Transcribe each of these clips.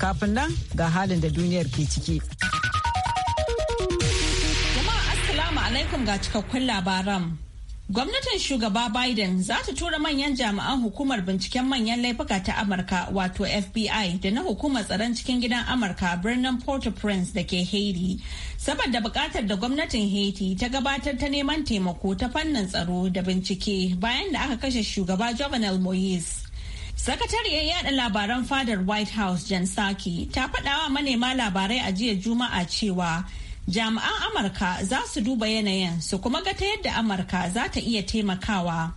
Kafin nan ga halin da duniyar ke ciki. Jama'a alaikum ga cikakkun labaran. Gwamnatin shugaba Biden za ta tura manyan jami'an hukumar binciken manyan laifuka ta Amurka wato FBI da na hukumar tsaron cikin gidan Amurka birnin Port-au-Prince da ke Haiti. Saboda bukatar da gwamnatin Haiti ta gabatar ta neman taimako ta fannin tsaro da bincike bayan da aka kashe shugaba Jovenel Moise. Sakatariyar yada labaran fadar White House Jan Sarki ta faɗawa manema labarai a jiya Juma'a cewa jami'an Amurka za su duba yanayin su kuma ga ta yadda Amurka za ta iya taimakawa.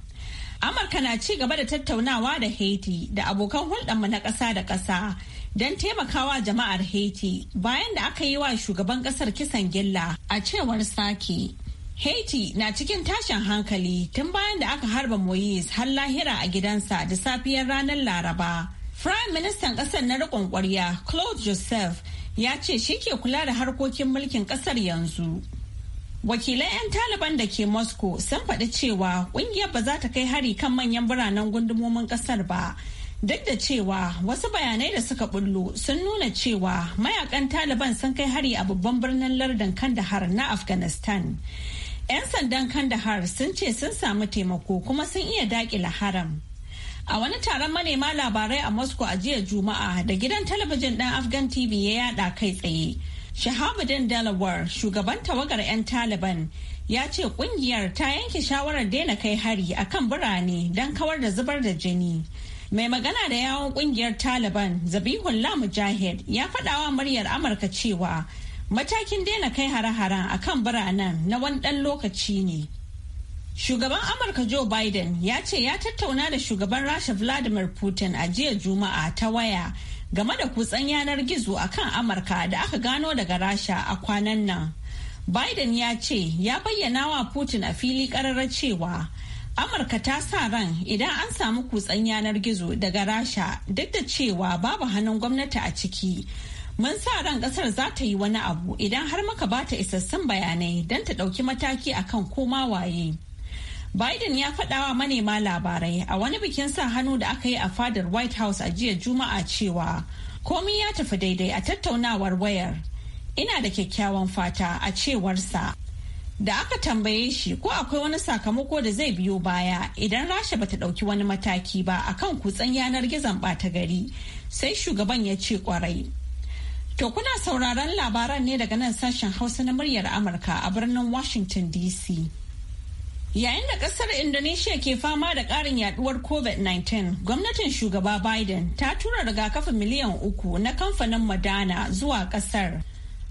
Amurka na ci gaba da tattaunawa da Haiti da abokan hulɗarmu na ƙasa da ƙasa don taimakawa jama'ar Haiti bayan da aka yi wa shugaban ƙasar kisan gilla a cewar Saki. Haiti na cikin tashin hankali tun bayan da aka harba Moise har lahira a gidansa da safiyar ranar Laraba. Prime Ministan kasar na riƙon ƙwarya Claude Joseph ya ce shi ke kula da harkokin mulkin ƙasar yanzu. wakilai 'yan Taliban da ke Moscow sun faɗi cewa ƙungiyar ba za ta kai hari kan manyan biranen gundumomin ƙasar ba. Duk da cewa wasu bayanai da suka bullo sun nuna cewa mayakan Taliban sun kai hari a babban birnin lardin Kandahar na Afghanistan. 'Yan sandan Kandahar sun ce sun samu taimako kuma sun iya daƙile haram. A wani taron manema labarai a Moscow a jiya Juma'a da gidan talabijin ɗan Afghan TV ya yada kai tsaye. Shahabuddin Delaware, shugaban tawagar 'yan Taliban, ya ce kungiyar ta yanke shawarar daina kai hari a kan birane don kawar da zubar da jini. Mai magana da yawon kungiyar Taliban, Zabihullah Mujahid, ya faɗawa muryar Amurka cewa matakin daina kai hare-haren a kan biranen na wani ɗan lokaci ne. Shugaban Amurka Joe Biden ya ce ya tattauna da shugaban Rasha Vladimir Putin a jiya Juma'a ta waya game da kutsen yanar gizo a kan Amurka da aka gano daga Rasha a kwanan nan. Biden ya ce ya bayyana wa Putin a fili ƙararra cewa Amurka ta sa ran idan an samu kutsen yanar gizo daga Rasha duk da cewa babu hannun gwamnati a ciki. Mun sa ran kasar za ta yi wani abu idan har muka ba ta isassun bayanai don ta ɗauki mataki akan koma waye. Biden ya faɗawa manema labarai a wani bikin sa hannu da aka yi a fadar White House a jiya Juma'a cewa komi ya tafi daidai a tattaunawar wayar. Ina da kyakkyawan fata a cewarsa. Da aka tambaye shi ko akwai wani sakamako da zai biyo baya idan Rasha bata ɗauki wani mataki ba akan kutsen yanar gizon ɓata gari sai shugaban ya ce kwarai. To kuna sauraron labaran ne daga nan sashen Hausa na muryar Amurka a birnin Washington DC. Yayin da kasar Indonesia ke fama da ƙarin yaduwar COVID-19, gwamnatin shugaba Biden ta tura rigakafin miliyan uku na kamfanin Madana zuwa ƙasar.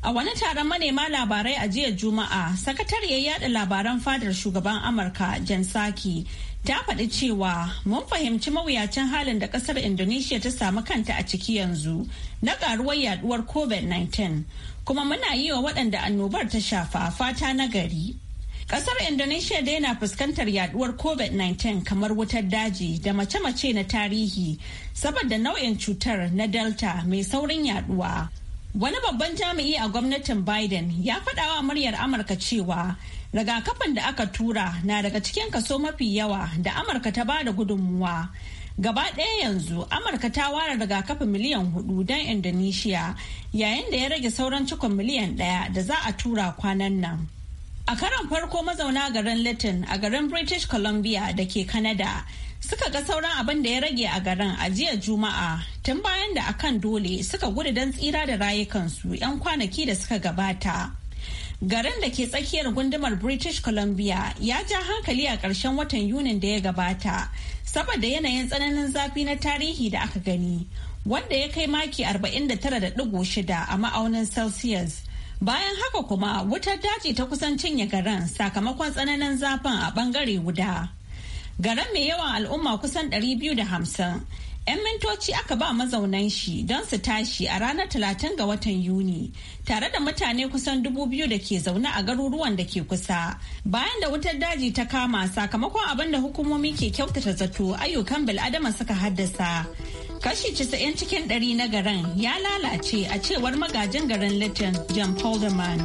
A wani taron manema labarai a jiya Juma'a, sakatariyar yada labaran fadar shugaban Amurka Jan Saki ta faɗi cewa mun fahimci mawuyacin halin da ƙasar Indonesia ta samu kanta a ciki yanzu na ƙaruwar yaduwar COVID-19 kuma muna yi wa waɗanda annobar ta shafa fata na gari. Ƙasar Indonesia dai na fuskantar yaduwar COVID-19 kamar wutar daji da mace-mace na tarihi saboda nau'in cutar na Delta mai saurin yaduwa. Wani babban jami'i a gwamnatin Biden ya faɗawa muryar Amurka cewa rigakafin da aka tura na daga cikin kaso mafi yawa da Amurka ta ba da gudunmuwa. Gaba ɗaya yanzu Amurka ta ware rigakafi miliyan hudu don Indonesia yayin da ya rage sauran cikon miliyan ɗaya da za a tura kwanan nan. A karon farko mazauna garin Latin, a garin British Columbia da ke Canada suka ga sauran abin da ya rage a garin a jiya juma'a tun bayan da akan dole suka gudu don tsira da rayukansu 'yan kwanaki da suka gabata garin da ke tsakiyar gundumar british columbia ya ja hankali a ƙarshen watan yunin da ya gabata saboda yanayin tsananin zafi na tarihi da aka gani wanda ya kai maki 49.6 a ma'aunin celsius bayan haka kuma wutar daji ta kusan cinye garin sakamakon tsananin zafin a bangare guda Garan mai yawan al'umma kusan 250 'yan mintoci aka ba mazaunan shi don su tashi a ranar talatin ga watan yuni tare da mutane kusan dubu biyu da ke zaune a garuruwan da ke kusa bayan da wutar daji ta kama sakamakon abin da hukumomi ke kyautata zato ayyukan bil'adama suka haddasa kashi casa'in cikin ɗari na garin ya lalace a cewar magajin garin litin john polderman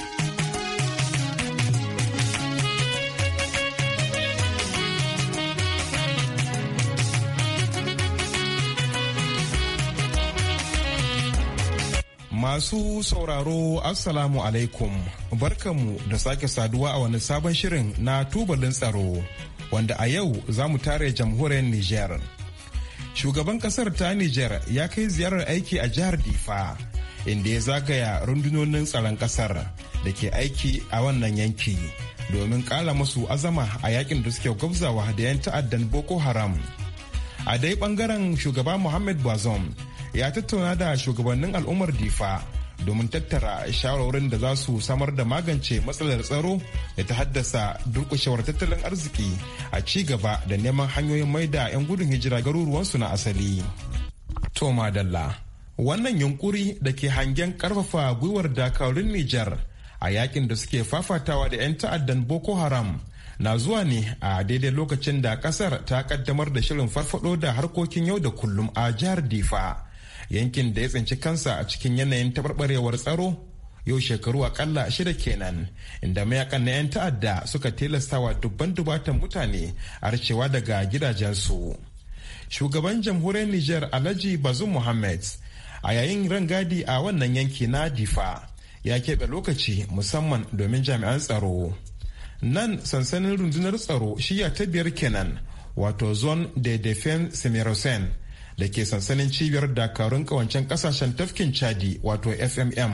Masu sauraro Assalamu alaikum barkamu da sake saduwa a wani sabon shirin na tubalin tsaro wanda a yau za mu tare jamhuriyar Nijar. Shugaban kasar ta Nijar ya kai ziyarar aiki a jihar Difa inda ya zagaya rundunonin tsaron kasar da ke aiki a wannan yanki domin kala masu azama a yakin da suke gwabzawa da 'yan ta'addan Boko Haram. A dai bangaren shugaba Muhammad Bazom. ya tattauna da shugabannin al'ummar difa domin tattara shawarwarin da za su samar da magance matsalar tsaro da ta haddasa durkushewar tattalin arziki a ci gaba da neman hanyoyin maida 'yan gudun hijira garuruwansu na asali. Toma Dalla Wannan yunkuri da ke hangen karfafa gwiwar dakarun Nijar a yakin da suke fafatawa da 'yan ta'addan Boko Haram na zuwa ne a daidai lokacin da kasar ta kaddamar da shirin farfado da harkokin yau da kullum a jihar Difa. yankin da ya tsinci kansa a cikin yanayin taɓarɓarewar tsaro yau shekaru akalla shida kenan inda mayakan na 'yan ta'adda suka tilastawa dubban dubatan mutane arcewa daga gidajensu shugaban jamhuriyar niger alhaji bazum muhammad a yayin rangadi a wannan yanki na difa ya keɓe lokaci musamman domin jami'an tsaro nan sansanin rundunar tsaro shiya ta biyar kenan wato zone de defense semirocen da ke sansanin cibiyar dakarun kawancen kasashen tafkin chadi wato fmm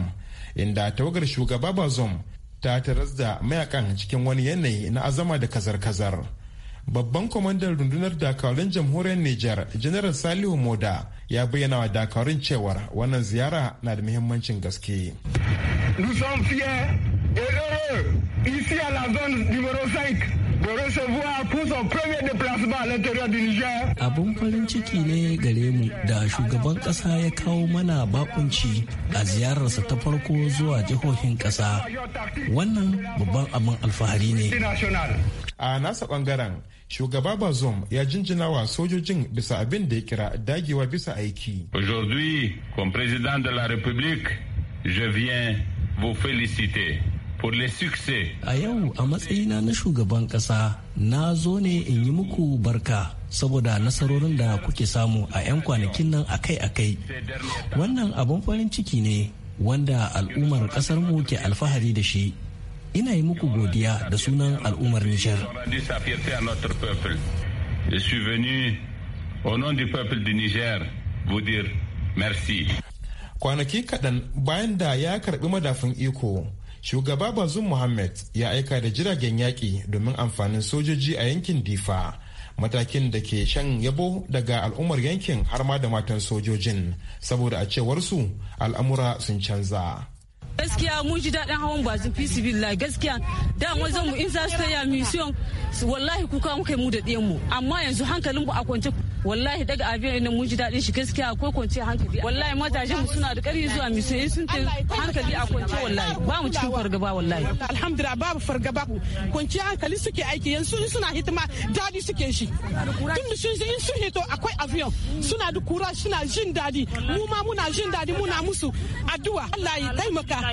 inda tawagar shugaba bazom ta taras da mayakan cikin wani yanayi na azama da kazar-kazar babban kwamandan rundunar dakarun jamhuriyar niger general salihu moda ya bayyana wa dakarun cewar wannan ziyara na da muhimmancin gaske heureux ici à la zone numéro 5 de recevoir pour son premier déplacement à l'intérieur du Niger. Abun farin ciki ne gare mu da shugaban kasa ya kawo mana bakunci a ziyararsa ta farko zuwa jihohin kasa. Wannan babban abin alfahari ne. A nasa bangaren shugaba Bazoum ya jinjina wa sojojin bisa abin da ya kira dagewa bisa aiki. Aujourd'hui, comme président de la République, je viens vous féliciter. A yau a matsayina na shugaban ƙasa na zo ne in yi muku barka saboda nasarorin da kuke samu a 'yan kwanakin nan akai-akai. Wannan abin farin ciki ne wanda al'ummar ƙasarmu ke alfahari da shi. Ina yi muku godiya da sunan al'ummar Nijar. Je suis venu au nom du peuple du Niger vous dire merci. Kwanaki kaɗan bayan da ya karɓi madafin iko, shugaba bazum muhammad ya aika da jiragen yaƙi domin amfanin sojoji a yankin difa matakin da ke shan yabo daga al'ummar yankin har ma da matan sojojin saboda a cewar su al'amura sun canza gaskiya mun ji daɗin hawan bazin fisi billahi gaskiya da zo mu in za su ya mission wallahi kuka muke mu da ɗiyan mu amma yanzu hankalin mu a kwance wallahi daga abin nan mun ji daɗin shi gaskiya ko kwance hankali wallahi matashin mu suna da ƙarfi zuwa mission in sun ta hankali a kwance wallahi ba mu cikin fargaba wallahi alhamdulillah babu fargaba kwance hankali suke aiki yanzu in suna hitima daɗi suke shi tun sun ji in sun hito akwai avion suna da kura suna jin daɗi mu ma muna jin daɗi muna musu addu'a Allah ya taimaka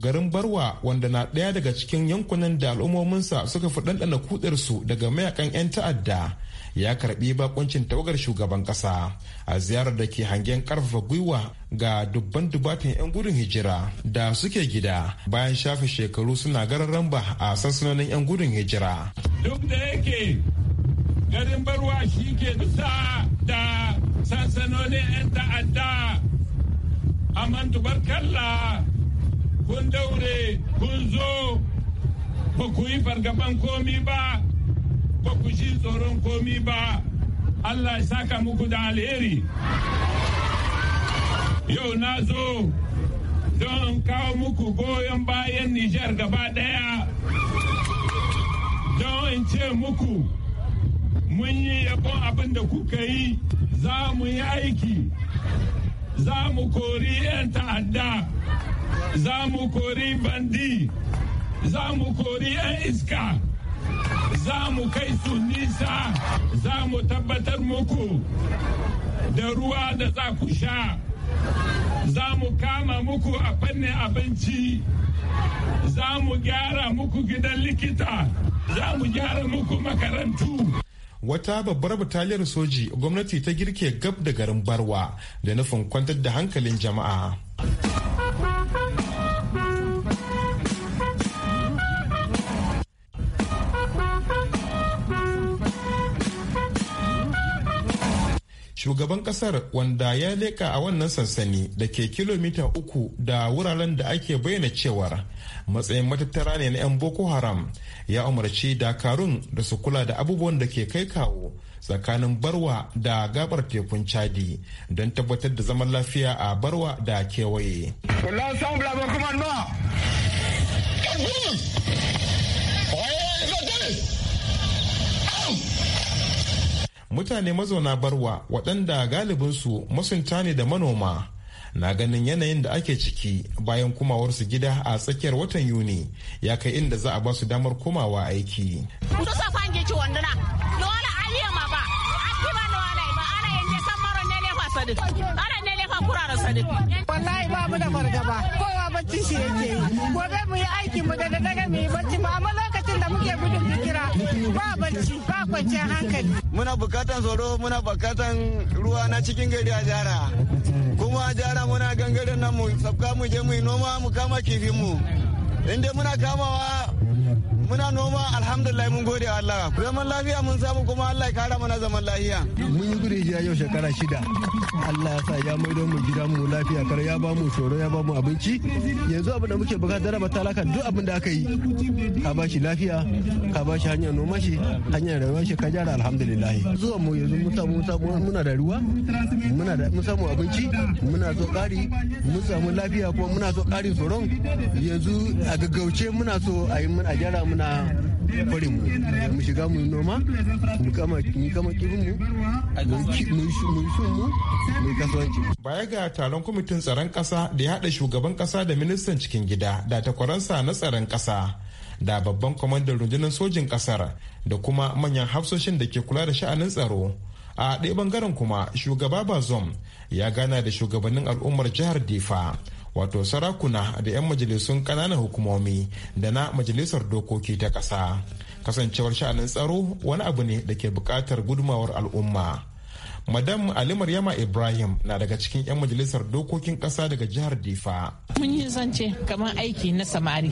garin Barwa wanda na ɗaya daga cikin yankunan da al'ummominsa suka fi ɗanɗana kudarsu daga mayakan 'yan ta'adda ya karɓi bakuncin tawagar shugaban ƙasa a ziyarar da ke hangen karfafa gwiwa ga dubban dubatin 'yan gudun hijira da suke gida bayan shafe shekaru suna garin ramba a sansanonin 'yan gudun hijira duk da yake garin barwa shi ke da sansanonin 'yan ta'adda amma barkalla kun daure kun zo ba ku yi fargaban komi ba ba ku shi tsoron komi ba Allah ya saka muku da alheri yau na zo don kawo muku goyon bayan Nijar gaba daya don in ce muku mun yi yabon abin da kuka yi za mu yi aiki za mu kori 'yan ta'adda za mu kori bandi za mu kori 'yan iska za mu kai su nisa za mu tabbatar muku da ruwa da za ku sha za mu kama muku a fannin abinci za mu gyara muku gidan likita za mu gyara muku makarantu wata babbar bataliyar soji gwamnati ta girke gab da garin barwa da nufin kwantar da hankalin jama'a shugaban kasar wanda ya leka a wannan sansani da ke kilomita uku da wuraren da ake bayyana cewar matsayin matattara ne na 'yan boko haram ya umarci dakarun da su kula da abubuwan da ke kai kawo tsakanin barwa da gabar tekun chadi don tabbatar da zaman lafiya a barwa da kewaye mutane mazauna barwa waɗanda galibinsu masunta ne da manoma na ganin yanayin da ake ciki bayan komawarsu gida a tsakiyar watan yuni ya kai inda za a ba su damar komawa aiki. wallahi ba mu da fargaba kowa bacci shi yake yi gobe mu yi aiki mu da daga mu yi bacci ba amma lokacin da muke gudun fikira ba bacci ba kwanciyar hankali muna bukatan tsoro muna bukatan ruwa na cikin gari a jara kuma jara muna gangaren nan mu sabka mu je mu yi noma mu kama kifin mu inda muna kamawa muna noma alhamdulillah mun gode wa Allah zaman lafiya mun samu kuma Allah ya kara mana zaman lafiya mun yi gure jiya yau shekara shida Allah ya sa ya maido mu gida mu lafiya kar ya ba mu tsoro ya ba mu abinci yanzu abin da muke bukatar raba talaka duk abin da aka yi ka ba shi lafiya ka ba shi hanyar noma shi hanyar rayuwar shi ka jara alhamdulillah zuwa mu yanzu mun samu muna da ruwa muna da mun samu abinci muna so kari mun samu lafiya kuma muna so kari tsoron yanzu a gaggauce muna so a yi mun a gyara mun muna barin mu mu shiga mu noma mu kama mu mu shi mu mu kasuwanci. baya ga taron kwamitin tsaron kasa da ya haɗa shugaban kasa da ministan cikin gida da takwaransa na tsaron kasa da babban kwamandan rundunar sojin kasar da kuma manyan hafsoshin da ke kula da sha'anin tsaro a ɗaya bangaren kuma shugaba bazom ya gana da shugabannin al'ummar jihar difa wato sarakuna da 'yan majalisun ƙananan hukumomi da na majalisar dokoki ta ƙasa kasancewar sha'anin tsaro wani abu ne da ke buƙatar gudumawar al'umma madam ali maryama ibrahim na daga cikin 'yan majalisar dokokin kasa daga jihar difa mun yi zance kamar aiki na samari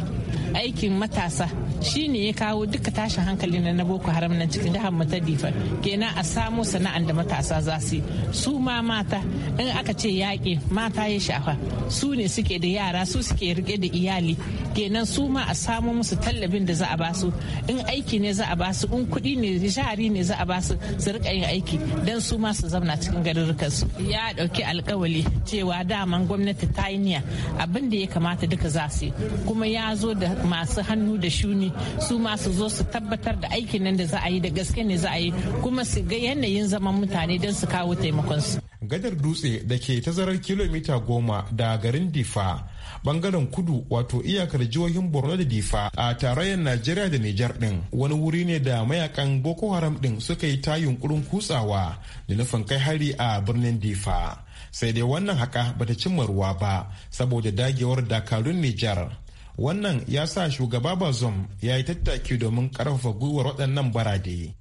aikin matasa shine ya kawo duka tashin hankali na boko haram nan cikin jihar mata difa kenan a samo sana'an da matasa za su su ma mata in aka ce yaƙi mata ya shafa su ne suke da yara su suke rike da iyali kenan su ma a samo musu tallafin da za a basu in aiki ne za a basu in kuɗi ne jari ne za a basu su rika yin aiki don su ma su su zauna cikin garurrukan su ya dauki alkawali cewa daman gwamnati ta yi niyya abin da ya kamata duka za su yi kuma ya zo da masu hannu da shuni su ma su zo su tabbatar da aikin nan da za a yi da gaske ne za a yi kuma su ga yanayin zaman mutane don su kawo taimakon su gadar dutse da ke tazarar kilomita goma da garin difa bangaren kudu wato iyakar jihohin borno da difa a tarayyar najeriya da nijar din wani wuri ne da mayakan boko haram din suka yi ta yunkurin kutsawa da nufin kai hari a birnin difa sai dai wannan haka bata cimma ruwa ba saboda dagewar dakarun nijar wannan ya sa shugaba bazom ya yi tattaki domin karfafa gwiwar waɗannan barade.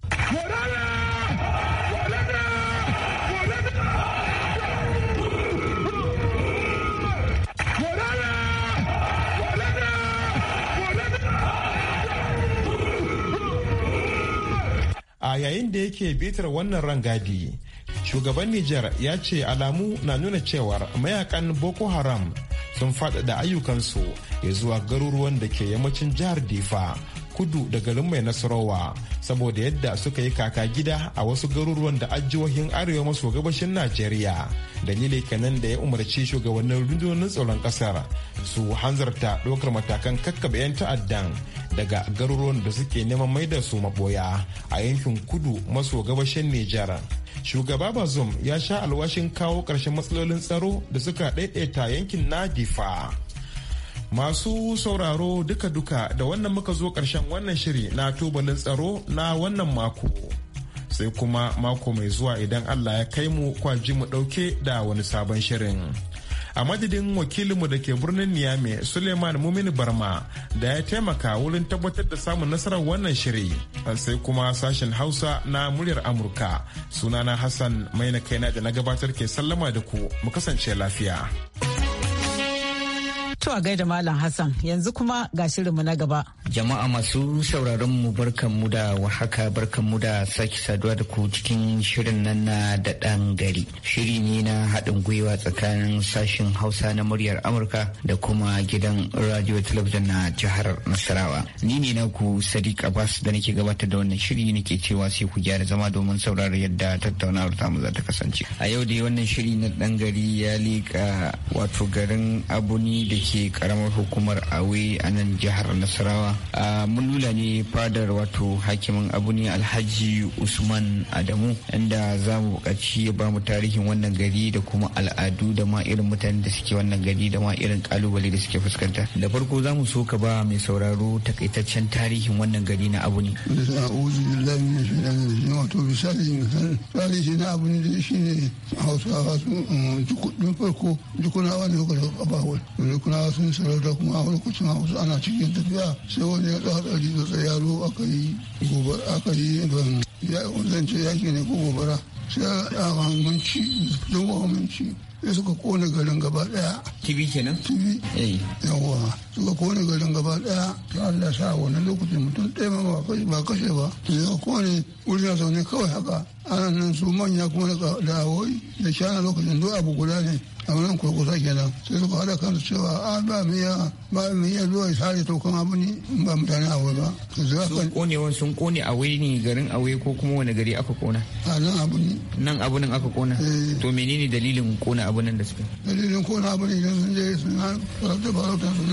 a yayin da yake bitar wannan rangadi shugaban nijar ya ce alamu na nuna cewar mayakan boko haram sun faɗaɗa ayyukansu ya zuwa garuruwan da ke yammacin jihar difa kudu da garin mai nasarawa saboda yadda suka yi kaka gida a wasu garuruwan da ajiyohin arewa maso gabashin najeriya dalilai kanan da ya umarci shugabannin rundunonin tsaron kasar su hanzarta ɗaukar matakan kakkaɓe 'yan ta'addan daga garuruwan da suke neman maida su maboya a yankin kudu maso gabashin nijar shugaba bazum ya sha alwashin kawo ƙarshen matsalolin tsaro da suka ɗaiɗaita yankin nadifa Masu sauraro duka-duka da wannan muka zo ƙarshen wannan shiri na tubalin tsaro na wannan mako. Sai kuma mako mai zuwa idan Allah ya kai mu kwaji mu ɗauke da wani sabon shirin. A madadin wakilinmu da ke birnin Niyame Suleiman mumin Barma da ya taimaka wurin tabbatar da samun nasarar wannan shiri. Sai kuma sashen Hausa na muryar Amurka. Sunana Hassan mai na kaina da na gabatar ke sallama da ku mu kasance lafiya. To a gaida Malam Hassan yanzu kuma ga shirinmu na gaba. Jama'a masu sauraron mu mu da wahaka mu da sake saduwa da ku cikin shirin nan na da ɗan gari. Shiri ne na haɗin gwiwa tsakanin sashen Hausa na muryar Amurka da kuma gidan radio talabijin na jihar Nasarawa. Ni ne na ku Sadiq Abbas da nake gabatar da wannan shiri nake cewa sai ku gyara zama domin saurara yadda tattaunawar tamu za ta kasance. A yau dai wannan shiri na ɗan gari ya lika wato garin Abuni da ke ke karamar hukumar awe a nan jihar nasarawa mun lula ne fadar wato hakimin abu ne alhaji usman adamu inda za mu buƙaci ya ba mu tarihin wannan gari da kuma al'adu da ma irin mutanen da suke wannan gari da ma irin kalubale da suke fuskanta da farko za mu so ka ba mai sauraro takaitaccen tarihin wannan gari na abu ne tarihi na abu ne hausawa mm, farko jukunawa ne wani jukunawa turawa sun sarauta kuma a lokacin hausa ana cikin tafiya sai wani ya tsaya tsari da tsayaro aka yi gobara aka yi ban zance yaki ne ko gobara sai a hamanci don hamanci sai suka kone garin gaba ɗaya. tv kenan tv eh. yawa suka kone garin gaba ɗaya. ta allah sa wani lokacin mutum ɗaya ma ba kashe ba Sai ya kone wurin zaune kawai haka ana nan su manya kuma da awoyi da shana lokacin duk abu guda ne a wannan kurkusa kenan sai suka haɗa kansu cewa a ba mu iya ba mu iya zuwa sare to kan abu ne ba mutane a wuri ba sun kone wani sun kone a wuri ne garin a ko kuma wani gari aka kona a nan abu ne nan abu nan aka kona eh. to menene dalilin kona abu nan da suka dalilin kona abu ne idan sun je sun farauta farauta su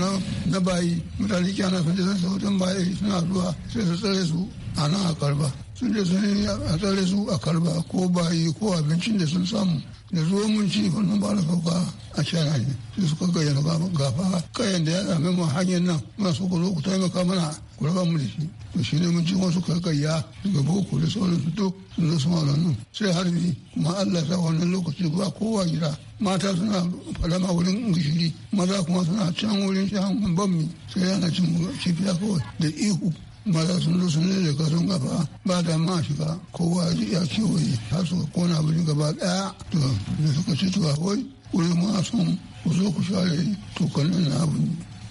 na bayi mutane kyana sun je sun sautan bayi suna zuwa sai su tsare su a nan a karba sun je sun yi a tsare su a karba ko bayi ko abincin da sun samu da zuwa mun ci wannan ba da sauka a ne da suka gayyana gafa kayan da ya dame mu hanyar nan muna so ku zo taimaka mana ku raba mu da shi to shi ne mun ci wasu kakayya daga boko da sauran su to sun zo suma nan sai harbi kuma Allah sa wannan lokaci ba kowa gida mata suna falama wurin gishiri maza kuma suna can wurin shan mi sai yana cin kifiya kawai da ihu maza sun zo sun ka sun kafa ba da ma shiga kowa ya kewaye har suka kona abin gaba daya to da suka ci tuwa wai wuri ma sun ku zo ku share tokanin na abu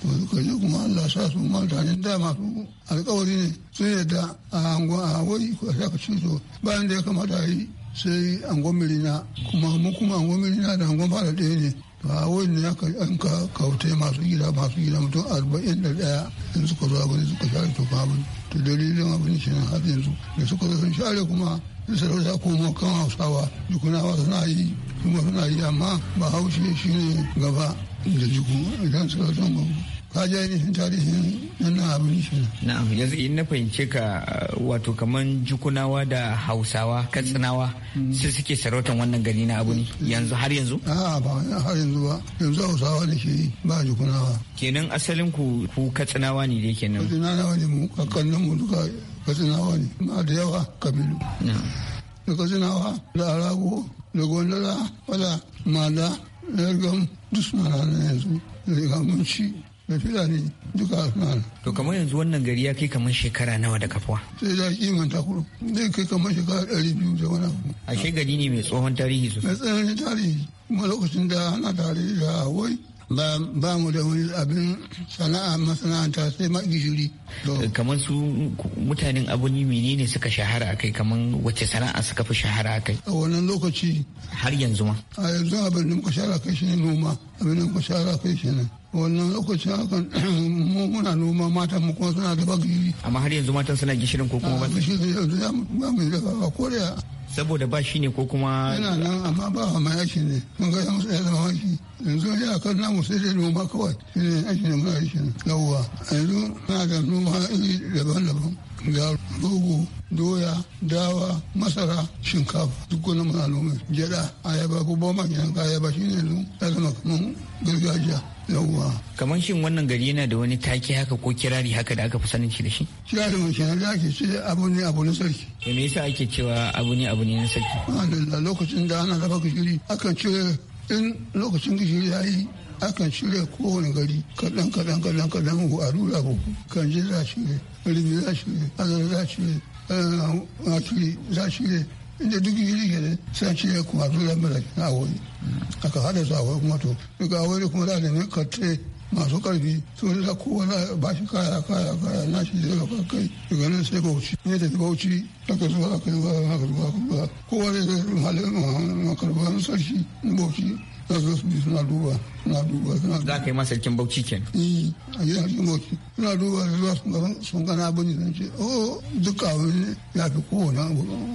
to suka je kuma Allah sa su mutanen dama su alkawari ne sun da a hangon a wai ku saka ci to bayan da ya kamata yi sai angon mirina kuma mu kuma angon mirina da angon fara ɗaya ne a wani ya ka an ka kautai masu gida masu gida mutum arba'in da daya in suka zo abin suka share to ba to dalilin abin shi na har yanzu da suka zo sun share kuma in sarauta komo kan hausawa jikunawa suna yi kuma suna yi amma ba haushe shi ne gaba da jiku idan sarautan kaje ainihin tarihin wannan abin shi na'am yanzu in na fahimce ka uh, wato kaman jukunawa da hausawa katsinawa mm. su suke sarautan wannan gani na abu ne yanzu har yanzu a ba har yanzu ba yanzu hausawa da shi ba jukunawa kenan asalin ku ku katsinawa ne dai kenan katsinawa ne mu kakannin mu duka katsinawa ne ma da yawa kabilu da katsinawa da arago da gondola wala mala na yargam duk na yanzu da yi da filani duka suna to kamar yanzu wannan gari ya kai kamar shekara nawa da kafuwa sai da kimanta kuro zai kai kamar shekara ɗari biyu da wani abu ashe gari ne mai tsohon tarihi sosai mai tsohon tarihi kuma lokacin da ana tare da wai ba mu da wani abin sana'a masana'anta sai ma gishiri. kamar su mutanen ne menene suka shahara a kai kamar wacce sana'a suka fi shahara a kai a wannan lokaci har yanzu ma a yanzu abin da muka shahara kai shi ne noma abin da muka shahara kai shi ne wannan lokaci hakan mu muna noma mata mu kuma suna dafa gishiri amma har yanzu matan suna gishirin ko kuma ba gishiri ah, yanzu ya ba mu dafa koriya saboda ba shi ne ko kuma yana nan amma ba wa maya shi ne mun ga yan sai zama shi yanzu ya kan namu sai dai noma kawai shi ne ya shi ne muna shi ne yawwa yanzu na da noma iri daban-daban ga rogo doya dawa masara shinkafa duk wani muna noma gyada ayaba ko ba ma gina ayaba shi ne yanzu ya zama kamar gargajiya yawwa kamar shin wannan gari yana da wani take haka ko kirari haka da aka fi sanin shi da shi mun shi da ake ce abu ne abu na sarki me yasa ake cewa abu ne abu ne na sarki alhamdulillah lokacin da ana dafa gishiri akan cire in lokacin gishiri ya yi akan shirya kowane gari kaɗan kaɗan kaɗan kaɗan a rura ko kan ji za shirya rini za shirya azar za a maturi eh, za shirya inda duk iri gere sai ce ya kuma zuwa mara na wani aka hada su a wani kuma to daga wani kuma da ne karte masu karfi sun da kowane ba shi kaya kaya kaya na shi daga kai daga nan sai bauchi ne da bauchi daga zuwa aka zuwa aka zuwa ne kowane da halin makarban sarki bauchi za su bi suna duba suna duba suna duba. Za ka yi ma bauchi ken. Eh a gidan sarkin bauchi suna duba zuwa sun gana bane zan ce oh duka wani ya fi kowane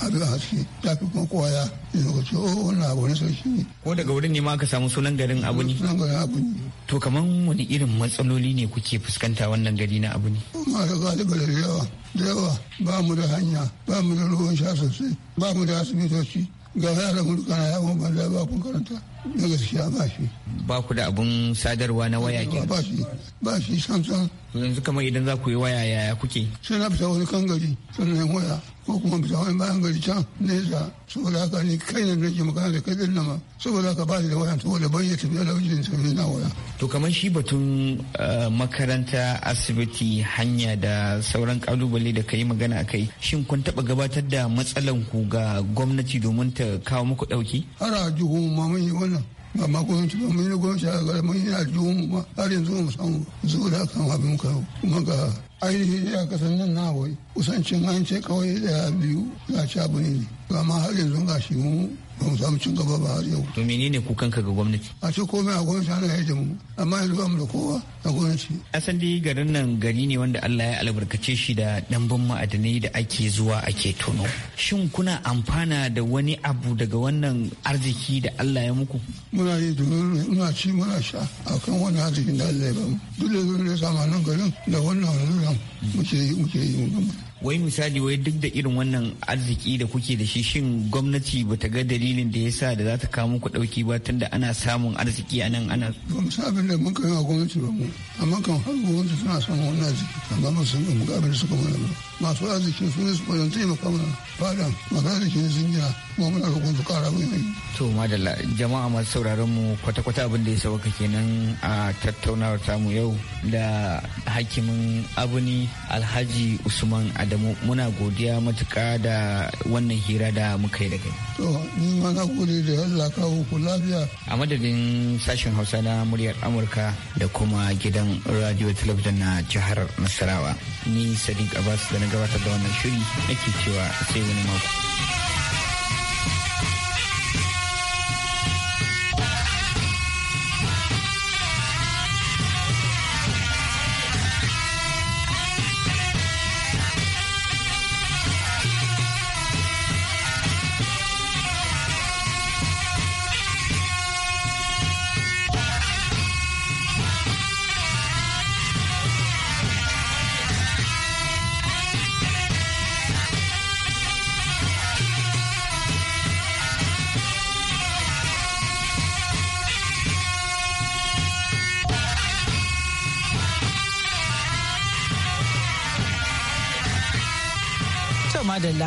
abin haske ta fi kuma kowa ya yi ce oh wannan abu ne sarki ne. ko daga wurin ne ma aka samu sunan garin abu ne. sunan garin abu ne. to kamar wani irin matsaloli ne kuke fuskanta wannan gari na abu ne. ma da ga da yawa da yawa ba mu da hanya ba mu da ruwan sha sosai ba mu da asibitoci ga yaran mu kana yawon banza ba kun karanta. na gaskiya ba shi ba ku da abun sadarwa na waya ke ba shi ba shi samsam yanzu kamar idan za ku yi waya yaya kuke sai na fita wani kan gari sannan waya ko kuma fita wani bayan gari can nesa saboda haka ni kai ne nake magana da kai din nama saboda haka ba da waya saboda ban yi tafiya da wajen sai na waya to kamar shi batun eh, makaranta asibiti hanya da sauran kalubale da kai magana akai shin kun taba gabatar da matsalan ku ga gwamnati domin ta kawo muku dauki har a juhu ma mun nan amma kuma ci mun yi gwamnati a gara mun yi aljihun mu har yanzu mu samu zuwa da kan abin kawo kuma ga ainihin a kasan nan na wai kusancin an ce kawai da biyu za ci abu ne ma har yanzu ga shi mu ba mu samu cin gaba ba har yau. To menene kukanka ga gwamnati? A ce komai a gwamnati ana da mu amma yanzu ba mu da kowa a gwamnati. Asan dai garin nan gari ne wanda Allah ya albarkace shi da ɗanbin ma'adanai da ake zuwa ake tono. Shin kuna amfana da wani abu daga wannan arziki da Allah ya muku? Muna yi domin muna ci muna sha a kan wani arzikin da Allah ya bamu. Duk da zuwa ne nan garin da wannan wannan muke yi muke yi mu gama. wai misali wai duk da irin wannan arziki da kuke da shi shin gwamnati ba ta ga dalilin da ya sa da za ta kawo ku ɗauki ba tun da ana samun arziki a nan ana. ba mu sa abin da mun kai wa gwamnati ba mu amma kan har gwamnati suna samun wani arziki amma ba su mu ga abin da suka mana ba masu arzikin su ne su yi taimaka mana fada masu arzikin sun gina mu muna ga gwamnati kara mai hanyar. to madalla jama'a masu sauraron mu kwata-kwata abin da ya sauka kenan a tattaunawar tamu yau da hakimin abuni alhaji usman adam Da muna godiya matuka da wannan hira da muka yi da kai. To ni ma na gode da Allah kawo ku lafiya. A madadin sashen Hausa na muryar Amurka da kuma gidan radio talabijin na jihar Nasarawa. Ni Sadiq Abbas da na gabatar da wannan shiri nake cewa sai wani mako.